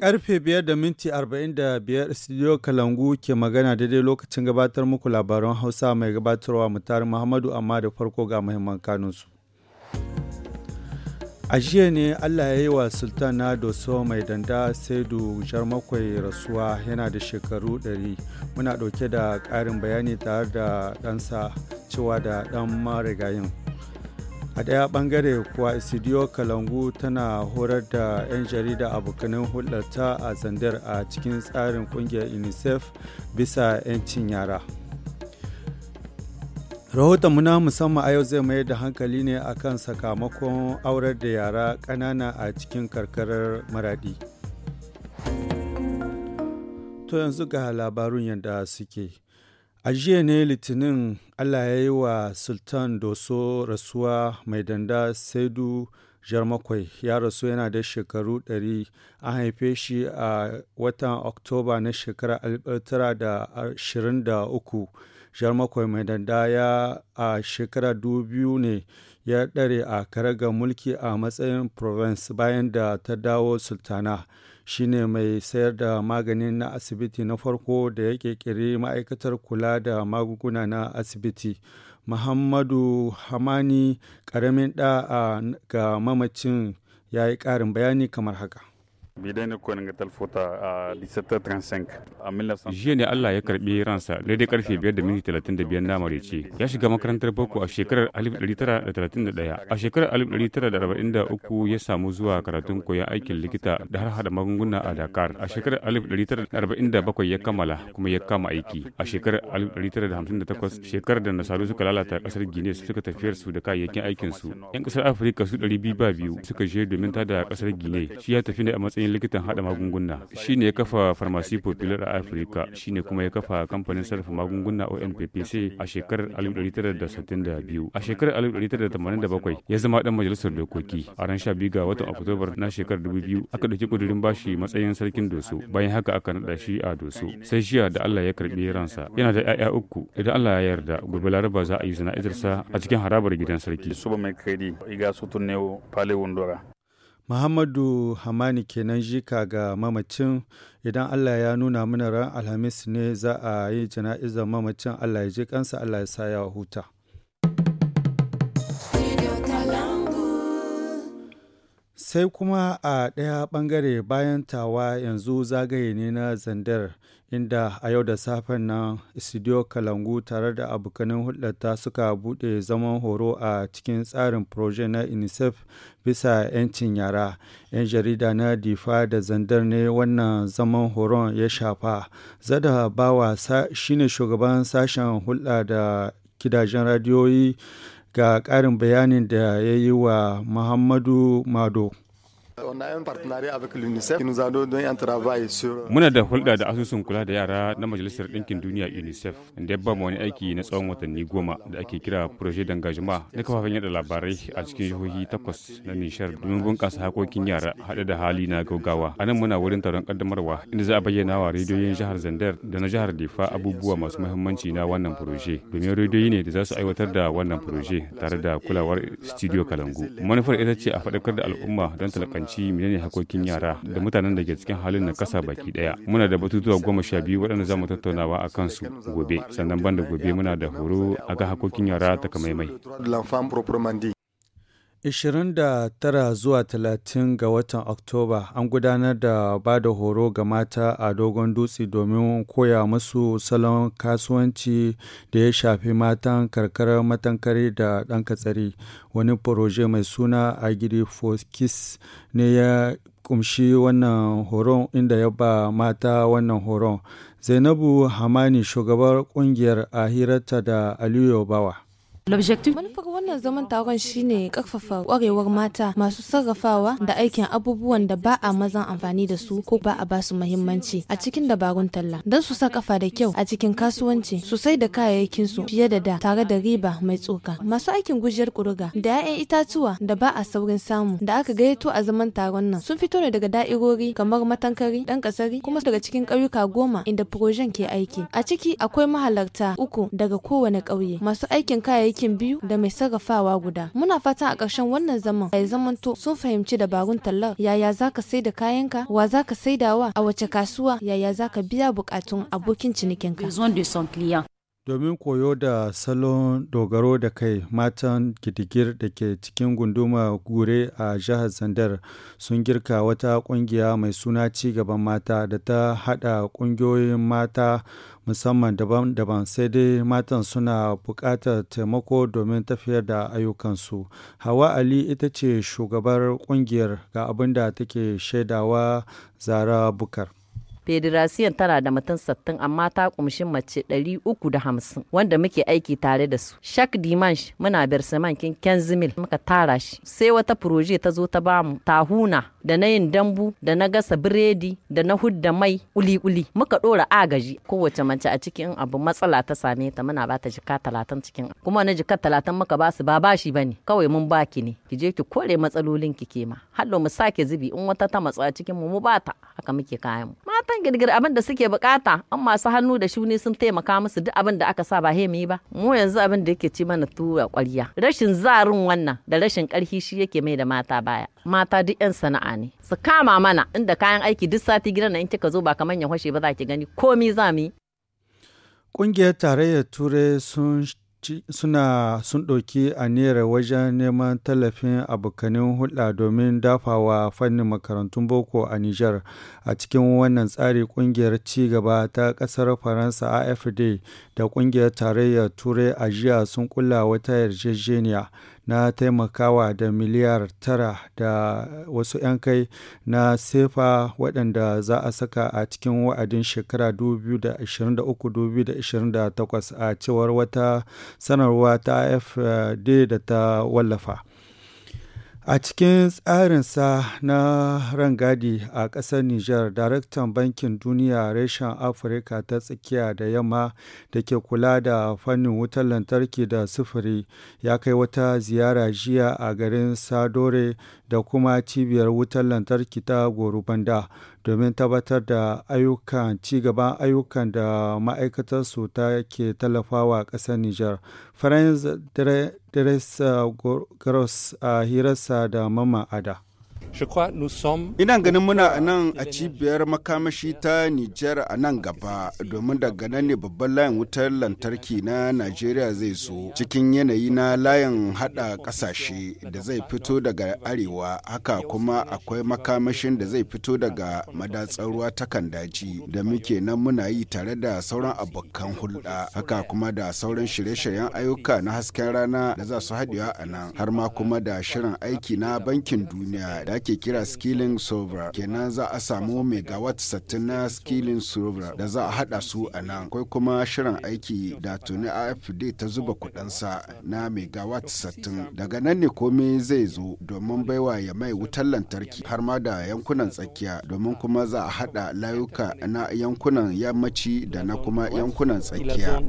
Karfe biyar da minti arba'in da biyar Studio Kalangu ke magana daidai lokacin gabatar muku labaran Hausa mai gabatarwa mutar Muhammadu amma da farko ga muhimman kanunsu. A jiya ne Allah ya yi wa Sultan na Doso mai danda Saidu makwai rasuwa yana da shekaru 100. Muna ɗauke da ƙarin bayani tare da ɗansa cewa da ɗan marigayin. a ɗaya bangare kuwa studio kalangu tana horar da 'yan jarida abokanin hulɗarta a zandar a cikin tsarin ƙungiyar unicef bisa 'yancin yara rahoton na musamman a yau zai mayar da hankali ne akan sakamakon aurar da yara ƙanana a cikin karkarar maradi to yanzu ga labarun yadda suke a jiya ne litinin allah ya yi wa sultan doso rasuwa mai danda saidu jarmakwai ya rasu yana da shekaru 100 an haife shi a watan oktoba na shekarar 1923 jarmakwai mai danda ya a shekara 2000 ne ya ɗare a karagar mulki a matsayin province bayan da ta dawo sultana shine mai sayar da magani na asibiti na farko da ya ƙirƙiri ma'aikatar kula da magunguna na asibiti muhammadu hamani ƙaramin ɗa'a ga mamacin ya yi ƙarin bayani kamar haka ne a jiya ne Allah ya karbi ransa daidai karfe 5 da minti 35 na marece ya shiga makarantar boko a shekarar 1931 a shekarar 1943 ya samu zuwa karatun koyon aikin likita da har hada magunguna a Dakar a shekarar 1947 ya kammala kuma ya kama aiki a shekarar 1958 shekarar da nasaru suka lalata kasar Guinea suka tafiyar su da kayayyakin aikin su yan kasar Afirka su 200 ba biyu suka je domin tada kasar Guinea shi ya tafi ne a matsayin likitan hada magunguna shi ne ya kafa farmasi popular a afirka ne kuma ya kafa kamfanin sarrafa magunguna onppc a shekarar 1962 a shekarar 1987 ya zama dan majalisar dokoki a ran 12 ga watan oktobar na shekarar 2000 aka dauki kudurin bashi matsayin sarkin doso bayan haka aka nada shi a doso sai shiya da allah ya karbi ransa yana da 'ya'ya uku idan allah ya yarda gobe laraba za a yi sana'izarsa a cikin harabar gidan sarki Muhammadu Hamani kenan jika ga mamacin idan Allah ya nuna mana ran Alhamis ne za a yi jana'izar mamacin Allah ya je kansa Allah ya sa ya huta. sai kuma a ɗaya ɓangare bayan tawa yanzu zagaye ne na zandar inda a yau da safen nan studio kalangu tare da abokanin hulɗata suka buɗe zaman horo a cikin tsarin proje na unicef bisa 'yancin yara 'yan jarida na difa da zandar ne wannan zaman horon ya shafa zada bawa shine shugaban sashen hulɗa da gidajen radiyoyi ga ƙarin bayanin da ya yi wa Muhammadu Mado. Muna da hulɗa da asusun kula da yara na Majalisar Ɗinkin Duniya UNICEF da ya wani aiki na tsawon watanni goma da ake kira Projet d'engagement na kafafen yada labarai a cikin jihohi takwas na Nishar domin bunƙasa hakokin yara haɗe da hali na gaugawa. A nan muna wurin taron ƙaddamarwa inda za a bayyana wa rediyoyin jihar Zandar da na jihar Difa abubuwa masu muhimmanci na wannan proje domin rediyoyi ne da za su aiwatar da wannan proje tare da kulawar Studio Kalangu. Manufar ita ce a faɗakar da al'umma don talakanci fahimci menene hakokin yara da mutanen da ke cikin halin na kasa baki daya muna da batutuwa goma sha biyu waɗanda za mu tattaunawa a kansu gobe sannan banda gobe muna da horo a ga hakokin yara takamaimai 29 zuwa 30 ga watan Oktoba an gudanar da ba da horo ga mata a dogon dutse domin koya musu salon kasuwanci da ya shafi matan karkarar matankari da ɗan katsari. Wani proje mai suna Agiri Kiss ne ya kumshi wannan horon inda ya ba mata wannan horon. Zainabu Hamani shugabar kungiyar ahirata da Aliyu Bawa. L'objectif manufar wannan zaman taron shine karfafa kwarewar mata masu sarrafawa da aikin abubuwan da ba a mazan amfani da su ko ba a ba su muhimmanci a cikin dabarun talla don su sa kafa da kyau a cikin kasuwanci su sai da kayayyakin su fiye da da tare da riba mai tsoka masu aikin gujiyar kuruga da 'ya'yan itatuwa da ba a saurin samu da aka gayyato a zaman taron nan sun fito ne daga da'irori kamar matankari dan kasari kuma daga cikin ƙauyuka goma inda projen ke aiki a ciki akwai mahalarta uku daga kowane ƙauye masu aikin kayayyaki aikin biyu da mai sarrafawa guda. Muna fatan a ƙarshen wannan zaman zaman zamanto sun fahimci dabarun tallar yaya za ka sai da kayanka, wa za ka wa a wace kasuwa yaya za ka biya bukatun abokin cinikinka. Domin koyo da salon dogaro da kai matan gidigir da ke cikin gunduma gure a jihar Zandar sun girka wata kungiya mai suna ci gaban mata da ta hada kungiyoyin mata musamman daban-daban sai dai matan suna buƙatar taimako domin tafiyar da ayyukansu hawa ali ita ce shugabar kungiyar ga abin da take shaidawa zara bukar federasiyan tana da mutum sattin amma ta kumshi mace ɗari uku da hamsin wanda muke aiki tare da su shak dimansh muna bersaman kin kenzimil muka tara shi sai wata proje ta zo ta bamu tahuna da na yin dambu da na gasa biredi da na hudda mai uli-uli muka ɗora agaji kowace mace a cikin abu matsala ta same ta muna ba ta jika talatin cikin kuma na jika talatin muka basu ba bashi bane kawai mun baki ne ki je ki kore matsalolin ki ma. hallo mu sake zubi in wata ta matsa cikin mu mu bata haka muke kayan mu matan girgir abin da suke bukata an masu hannu da shuni sun taimaka musu duk abin da aka sa ba hemi ba mu yanzu abin da yake ci mana tuwa kwarya rashin zarin wannan da rashin karhi shi yake mai da mata baya mata duk yan sana'a ne su kama mana inda kayan aiki duk sati gidan in kika zo ba kamar ya hwashe ba za ki gani komi za mu yi Ƙungiyar Tarayyar Turai sun suna sun ɗauki aniyar wajen neman tallafin abokanin hulɗa domin dafawa fannin makarantun boko a Nijar. A cikin wannan tsari ƙungiyar ci gaba ta ƙasar Faransa AFD da ƙungiyar tarayyar Turai a jiya sun kula wata yarjejeniya na taimakawa da miliyar tara da wasu 'yan kai na sefa waɗanda za a saka a cikin wa'adin shekara 2023-2028 a cewar wata sanarwa ta fd da ta wallafa. A cikin tsarinsa na rangadi a ƙasar Nijar, Daraktan Bankin Duniya reshen Afirka ta tsakiya da yamma da ke kula da fannin wutar lantarki da sufuri ya kai wata ziyara jiya a garin Sadore da kuma cibiyar wutar lantarki ta gorubanda domin tabbatar da ayyukan cigaban ayyukan da ma'aikatarsu ta ke tallafawa ƙasar Nijar. Franz Dres Gross a hirarsa da Mama Ada. Ina ganin muna a nan a cibiyar makamashi ta Nijar a nan gaba domin daga nan ne babban layin wutar lantarki na Najeriya zai zo cikin yanayi na layin hada kasashe da zai fito daga arewa haka kuma akwai makamashin da zai fito daga madatsar ruwa ta kandaji da muke nan muna yi tare da sauran abokan hulɗa haka kuma da sauran shirye-shiryen ayyuka na hasken rana da za su haɗewa a nan har ma kuma da shirin aiki na bankin duniya da ake kira skilling silver kenan za a samu megawatt 60 na skilling silver da za a hada su a nan akwai kuma shirin aiki da tuni afd ta zuba kudansa na megawatt 60 daga nan ne komai zai zo domin baiwa ya mai wutar lantarki har ma da yankunan tsakiya domin kuma za a hada layuka na yankunan yammaci da na kuma yankunan tsakiya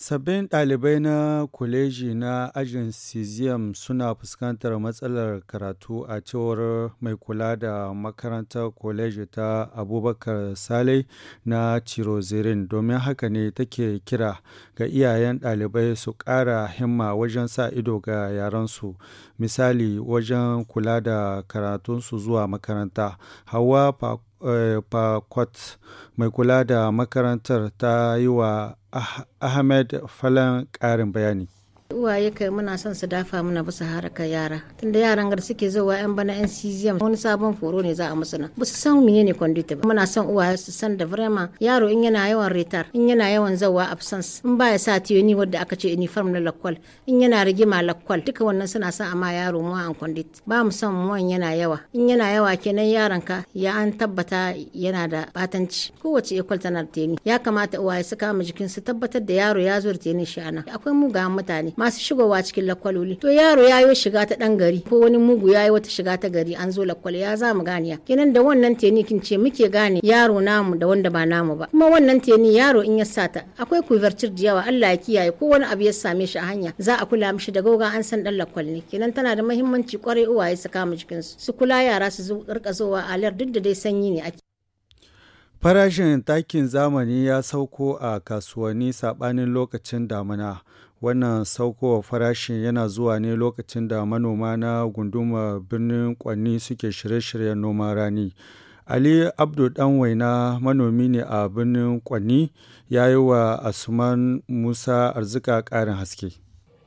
Sabbin ɗalibai na kwaleji na ajin Cesium suna fuskantar matsalar karatu a cewar mai kula da makarantar kwaleji ta Abubakar Sale na Cirozirin domin haka ne take kira ga iyayen ɗalibai su ƙara himma wajen sa ido ga yaransu misali wajen kula da karatunsu zuwa makaranta. Hawa Eh, Pakot mai kula da makarantar ta yi wa Ahmed Falan ƙarin bayani. uwaye kai muna son su dafa muna bisa haraka yara tunda yaran gar suke zuwa yan bana yan cesium wani sabon foro ne za a musu nan basu san mene ne conduit ba muna son uwaye su san da vrema yaro in yana yawan retar in yana yawan zawa absence in baya sa tiyoni wadda aka ce uniform na lakwal in yana rigima lakwal duka wannan suna sa amma yaro mu an conduit ba mu son mu yana yawa in yana yawa kenan yaran ka ya an tabbata yana da batanci kowace ekwal tana da teni ya kamata uwaye su kama jikin su tabbatar da yaro ya zo da teni shi ana akwai ga mutane masu shigowa cikin lakwaloli to yaro ya yi shiga ta dan gari ko wani mugu ya yi wata shiga ta gari an zo lakwal ya za mu ganiya kenan da wannan teni kin ce muke gane yaro namu da wanda ba namu ba kuma wannan teni yaro in ya sa ta akwai kuvertir da yawa Allah ya kiyaye ko wani abu ya same shi a hanya za a kula mishi da gauga an san dan lakwal ne kenan tana da muhimmanci kwarai uwaye su kama jikin su su kula yara su rika zowa alar duk da dai sanyi ne ake Farashin takin zamani ya sauko a kasuwanni saɓanin lokacin damina. wannan saukowar farashin yana zuwa ne lokacin da manoma na gunduma birnin kwanni suke shirye-shiryen noman rani ali abdu dan waina manomi ne a birnin kwanni ya yi wa asuman musa arzika karin haske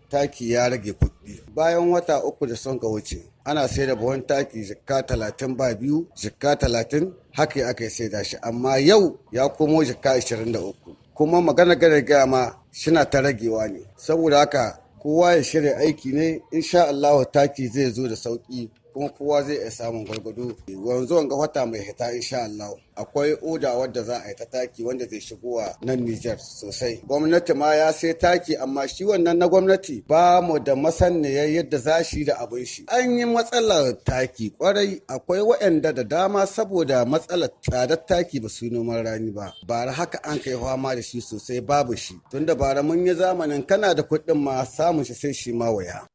taki ya rage kuɗi bayan wata uku da son wuce ana sai da buhun taki jikka talatin ba biyu jikka talatin haka ake sai da shi amma yau ya komo jikka ashirin da uku kuma magana gaya gama suna ta ragewa ne saboda haka kowa ya shirya aiki ne insha Allah taki zai zo da sauƙi. kuma kowa zai iya samun gwargwado wanzu ga wata mai hita in sha Allah akwai oda wadda za a yi ta taki wanda zai shigo a nan Nijar sosai gwamnati ma ya sai taki amma shi wannan na gwamnati ba mu da masaniyar yadda za shi da abin shi an yi matsalar taki kwarai akwai waɗanda da dama saboda matsalar tsadar taki ba su noman rani ba bara haka an kai fama da shi sosai babu shi tunda bara mun yi zamanin kana da kuɗin ma samun shi sai shi ma waya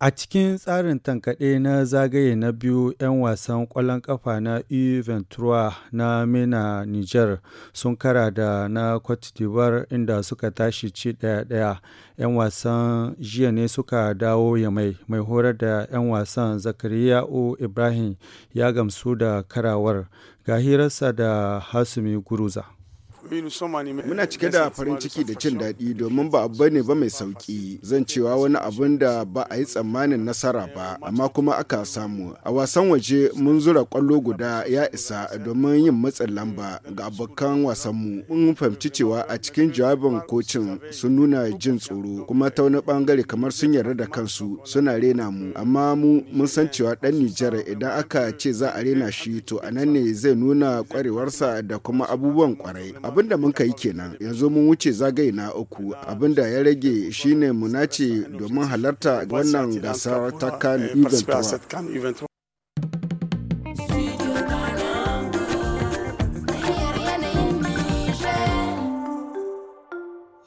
A cikin tsarin tankaɗe na zagaye na biyu, 'yan wasan ƙwallon ƙafa na Juventus na MENA Niger sun kara da na Cote d'Ivoire inda suka tashi ci ɗaya-ɗaya. 'Yan wasan jiya ne suka dawo ya Mai mai horar da 'yan wasan Zakariya'u Ibrahim ya gamsu da karawar. Ga hirarsa da Hasumi Guruza. Muna cike da farin ciki da cin daɗi domin ba abu ne ba mai sauƙi. Zan cewa wani abun da ba a yi tsammanin nasara ba, amma kuma aka samu. A wasan waje mun zura ƙwallo guda ya isa domin yin matsin lamba ga abokan wasanmu. Mun fahimci cewa a cikin jawabin kocin sun nuna jin tsoro kuma ta wani bangare kamar sun yarda da kansu suna rena mu. Amma mu mun san cewa ɗan Nijar idan aka ce za a rena shi to a nan ne zai nuna ƙwarewarsa da kuma abubuwan ƙwarai. abin da mun ka yi kenan yanzu mun wuce zagaye na uku abinda ya rage shine mu nace domin halarta wannan gasar ta kan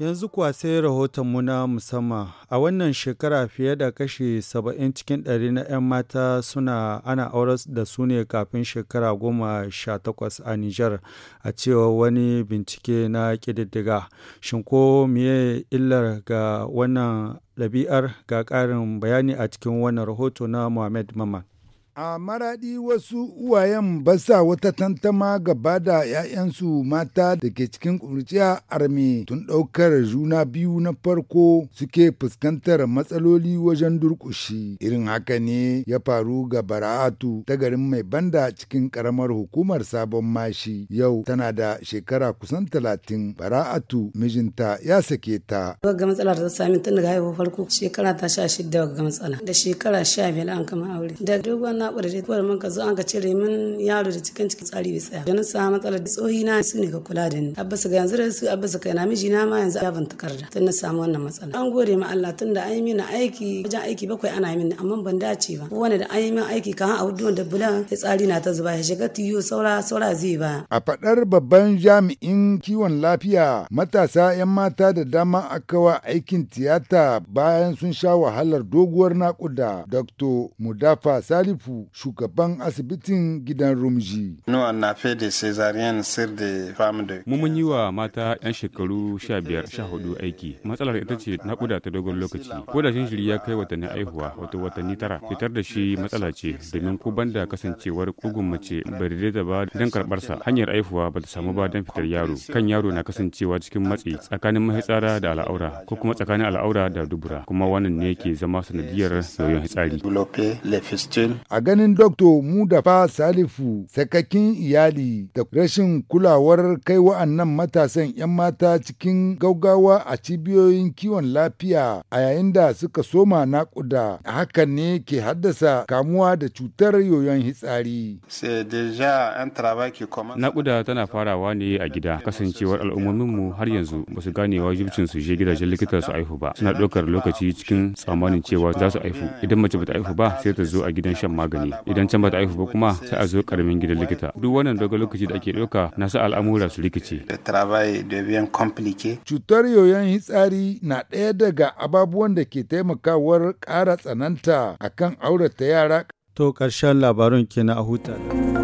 Yanzu kuwa sai rahotonmu na musamman a wannan shekara fiye da kashi 70 cikin ɗari na 'yan mata suna ana aure da su ne kafin shekara goma sha takwas a Nijar a cewa wani bincike na ƙididdiga. shinko ko miye illar ga wannan ɗabi'ar ga ƙarin bayani a cikin wannan rahoto na Mohamed Maman. A maraɗi wasu uwayen ba sa wata tantama gaba da 'ya'yansu mata da ke cikin ƙurciya arme tun ɗaukar juna biyu na farko suke fuskantar matsaloli wajen durƙushi. Irin haka ne ya faru ga bara'atu ta garin mai banda cikin ƙaramar hukumar sabon mashi yau tana da shekara kusan talatin bara'atu mijinta ya sake ta. Ga matsala ta sami tun daga haihuwar farko shekara ta sha shida ga matsala da shekara sha biyar an kama aure da dogon gabar da kawai mun ka zo an ka cire min yaro da cikin cikin tsari bai tsaya da sa matsalar da tsohi na su ne ka kula da ni abbas ga yanzu da su abbas kai na miji na ma yanzu ya ban takarda tun na samu wannan matsala an gode ma Allah tun da an yi mini aiki wajen aiki bakwai ana mini amma ban dace ba Wani da an yi min aiki kan a wuduwan da bulan ya tsari na ta zuba ya shiga tiyo saura saura zai ba a faɗar babban jami'in kiwon lafiya matasa 'yan mata da dama aka wa aikin tiyata bayan sun sha wahalar doguwar nakuda dr mudafa salifu Isufu shugaban asibitin gidan Rumji. Mu mun yi wa mata 'yan shekaru 15-14 aiki. Matsalar ita ce naƙuda ta dogon lokaci. Ko da jinjiri ya kai watanni aihuwa wato watanni tara fitar da shi matsala ce domin ko banda kasancewar kugun mace bai da ba don karɓarsa hanyar aihuwa ba ta samu ba don fitar yaro. Kan yaro na kasancewa cikin matsi tsakanin mahitsara da al'aura ko kuma tsakanin al'aura da dubura kuma wannan ne ke zama sanadiyar yoyon fitsari. A A ganin Dr. Mudafa Salifu sakakin iyali da rashin kulawar kai wa'annan matasan 'yan mata cikin gaugawa a cibiyoyin kiwon lafiya a yayin da suka soma naƙuda hakan ne ke haddasa kamuwa da cutar yoyon hitsari. Naƙuda tana farawa ne a gida kasancewar al'ummominmu har yanzu ba su gane wajibcin su je gidajen likita su aihu ba suna ɗaukar lokaci cikin tsammanin cewa za su aihu idan mace bata aihu ba sai ta zo a gidan shan magani. magani idan can bata haihu ba kuma sai a zo karamin gidan likita duk wannan dogon lokaci da ake ɗauka na sa al'amura su rikice cutar yoyon hitsari na ɗaya daga ababuwan da ke taimakawar ƙara tsananta akan aurata yara to ƙarshen labarun kenan a huta